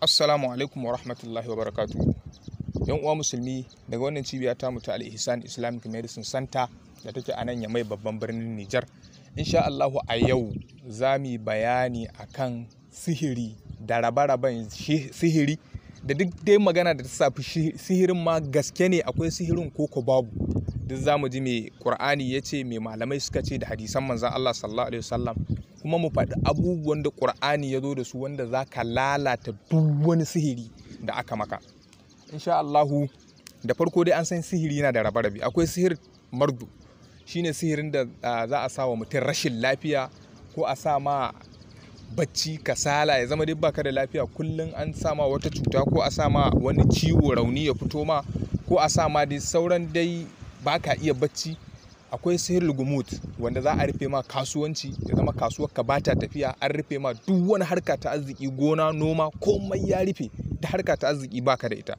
Assalamu alaikum wa rahmatullahi wa barakatu. Yan uwa musulmi daga wannan cibiya ta mutu al Ihsan Islamic Medicine Center da take a nan ya mai babban birnin Nijar. Insha Allahu a yau za mu bayani akan sihiri da rabe-raben sihiri da duk dai magana da ta safi sihirin ma gaske ne akwai sihirin koko babu. Duk za mu ji mai Qur'ani ya ce mai malamai suka ce da hadisan manzan Allah sallallahu alaihi wasallam kuma mu faɗi abubuwan da ƙur'ani ya zo da su wanda za ka lalata duk wani sihiri da aka maka insha Allahu da farko dai an san sihiri yana da rabe-rabe akwai sihir mardu shine sihirin da za a sa wa mutum rashin lafiya ko a sa ma bacci kasala ya zama dai baka da lafiya kullum an sa ma wata cuta ko a sa ma wani ciwo rauni ya fito ma ko a sa ma dai sauran dai baka iya bacci akwai sihir gumut wanda za a rufe ma kasuwanci ya zama kasuwar ka bata tafiya an rufe ma duk wani harka ta arziki gona noma komai ya rufe ta harka ta arziki baka da ita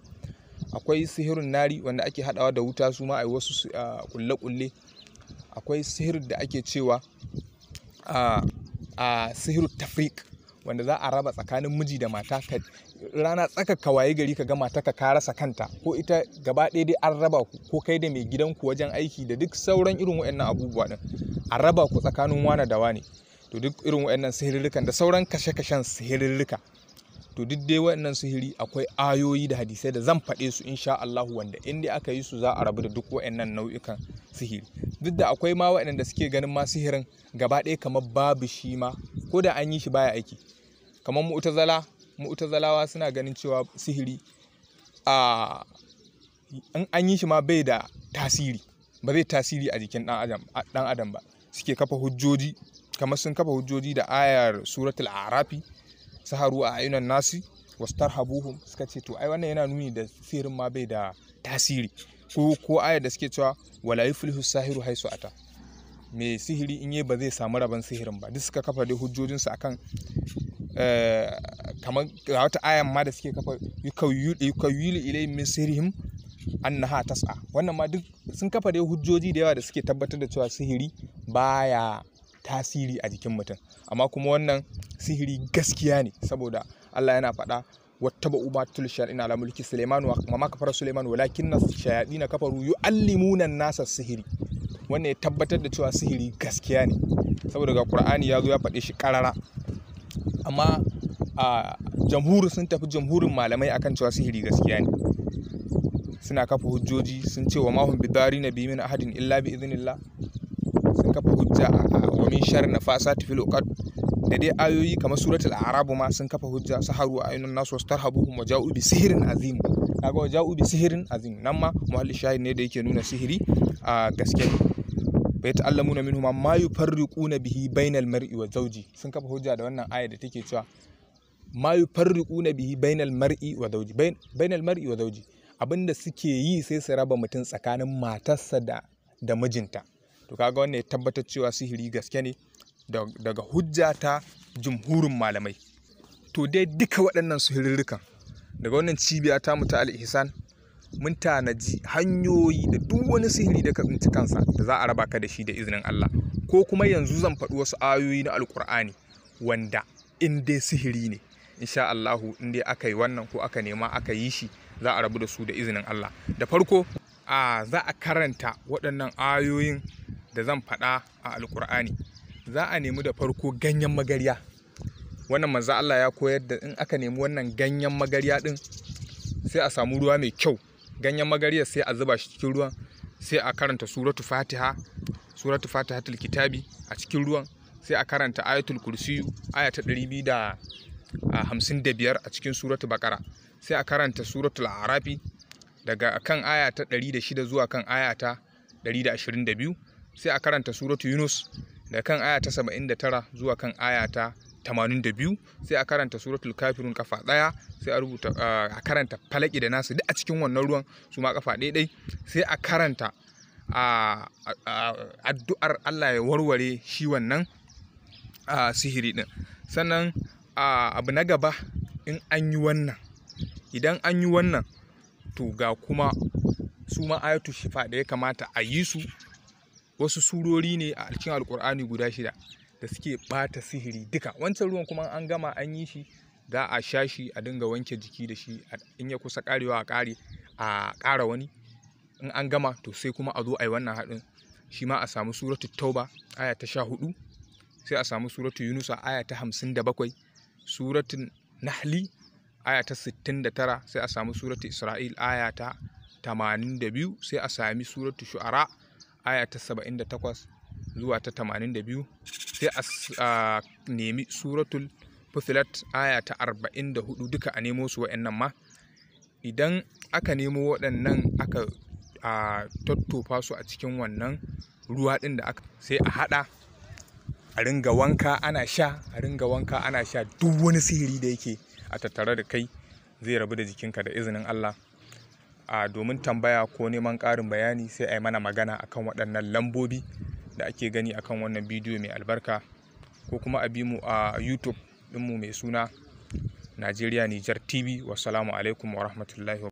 akwai sihirin nari wanda ake hadawa da wuta su ma a wasu kulle-kulle akwai sihir da ake cewa a sihir tafrik wanda za a raba tsakanin miji da mata rana tsaka ka waye gari ka gama ta ka rasa kanta ko ita gaba ɗaya dai an raba ku ko kai da mai gidan ku wajen aiki da duk sauran irin waɗannan abubuwa din a raba ku tsakanin wane da wane to duk irin waɗannan sihirirrikan da sauran kashe-kashen sihirirrika to duk dai waɗannan sihiri akwai ayoyi da hadisai da zan faɗe su insha Allah wanda in dai aka yi su za a rabu da duk waɗannan nau'ikan sihiri duk da akwai ma waɗanda suke ganin ma sihirin gaba ɗaya kamar babu shi ma ko da an yi shi baya aiki kamar mu'tazala mu'tazalawa suna ganin cewa sihiri a in an yi shi ma bai da tasiri ba zai tasiri a jikin dan adam ba suke kafa hujjoji kamar sun kafa hujjoji da ayar suratul arafi saharu a ayunan nasi wastarhabuhum suka ce to ai wannan yana nuni da sihirin ma bai da tasiri ko ko ayar da suke cewa wala yuflihu sahiru haisu ata mai sihiri in yi ba zai samu rabon sihirin ba duk suka kafa dai hujjojinsu akan eh, kamar ga wata ayan ma da suke kafa yukawili ilai misirihim an annaha tas'a wannan ma duk sun kafa dai hujjoji da yawa da suke tabbatar da cewa sihiri baya tasiri a jikin mutum amma kuma wannan sihiri gaskiya ne saboda Allah yana faɗa wattaba umatul shayatin ala mulki sulaiman wa ma kafara sulaiman walakinna shayatin kafaru allimunan nasa sihiri wannan ya tabbatar da cewa sihiri gaskiya ne saboda ga qur'ani ya zo ya faɗe shi ƙarara amma a jamhuri sun tafi jamhurin malamai akan cewa sihiri gaskiya ne suna kafa hujjoji sun ce wa mahun bidari na bimin ahadin illa bi izinillah. sun kafa hujja a wamin shar na fasa tafi lokar da dai ayoyi kamar suratul arabu ma sun kafa hujja su haru a ainihin nasu wasu tarhabuhum wa ja'u bi sihirin azim kaga wa ja'u bi sihirin azim nan ma muhalli shahid ne da yake nuna sihiri a gaske bai ta'allamuna minhum ma yufarriquna bihi bainal mar'i wa zawji sun kafa hujja da wannan aya da take cewa ma na bihi bainal mar'i wa zawji mar'i wa zauji abinda suke yi sai su raba mutum tsakanin matarsa da da mijinta to kaga wannan ya tabbatar cewa sihiri gaske ne daga hujjata ta jumhurin malamai to dai duka waɗannan sihirirrukan daga wannan cibiya ta mu ta al-ihsan mun tanaji hanyoyi da duk wani sihiri da ka tsinci kansa da za a raba ka da shi da izinin Allah ko kuma yanzu zan faɗi wasu ayoyi na alkur'ani wanda in dai sihiri ne insha Allahu in dai aka yi wannan ko aka nema aka yi shi za a rabu da su da izinin Allah da farko a za a karanta waɗannan ayoyin da zan faɗa a alkur'ani za a nemi da farko ganyen magarya wannan manzo Allah ya koyar da in aka nemi wannan ganyen magarya din sai a samu ruwa mai kyau ganyen magarya sai a zuba shi cikin ruwan sai a karanta suratu fatiha suratu fatihatul kitabi a cikin ruwan sai a karanta ayatul kursiyu aya ta 200 hamsin da biyar a cikin suratu bakara sai a karanta suratul arafi daga kan aya ta ɗari da shida zuwa kan aya ta ɗari da ashirin da biyu sai a karanta suratu yunus daga kan aya ta saba'in da tara zuwa kan aya ta tamanin da biyu sai a karanta suratul kafirun kafa ɗaya sai a rubuta a karanta falaki da nasu duk a cikin wannan ruwan su ma kafa ɗaiɗai sai a karanta addu'ar Allah ya warware shi wannan sihiri ɗin sannan abu na gaba in an yi wannan idan an yi wannan to ga kuma su ma ayatu shifa da ya kamata a yi su wasu surori ne a cikin alkur'ani guda shida da suke bata sihiri duka wancan ruwan kuma an gama an yi shi za a sha shi a dinga wanke jiki da shi in ya kusa karewa a kare a kara wani in an gama to sai kuma a zo a yi wannan haɗin shi ma a samu suratu tauba aya ta sha hudu sai a samu suratu yunusa aya ta hamsin da bakwai suratun nahli aya ta 69 sai a sami suratun isra'il aya ta 82 sai a sami suratu shu'ara aya ta 78 zuwa ta 82 sai a nemi suratul fufilat aya ta 44 duka a nemo su wa'annan ma idan aka nemo waɗannan aka tattofa su a cikin wannan ruwa ɗin da aka sai a haɗa a ringa wanka ana sha a ringa wanka ana sha duk wani sihiri da yake a tattare da kai zai rabu da jikinka da izinin Allah a domin tambaya ko neman ƙarin bayani sai a yi mana magana akan waɗannan lambobi da ake gani akan wannan bidiyo mai albarka ko kuma a bi mu a youtube ɗinmu mai suna najeriya nijar tv wassalamu alaikum wa rahmatullahi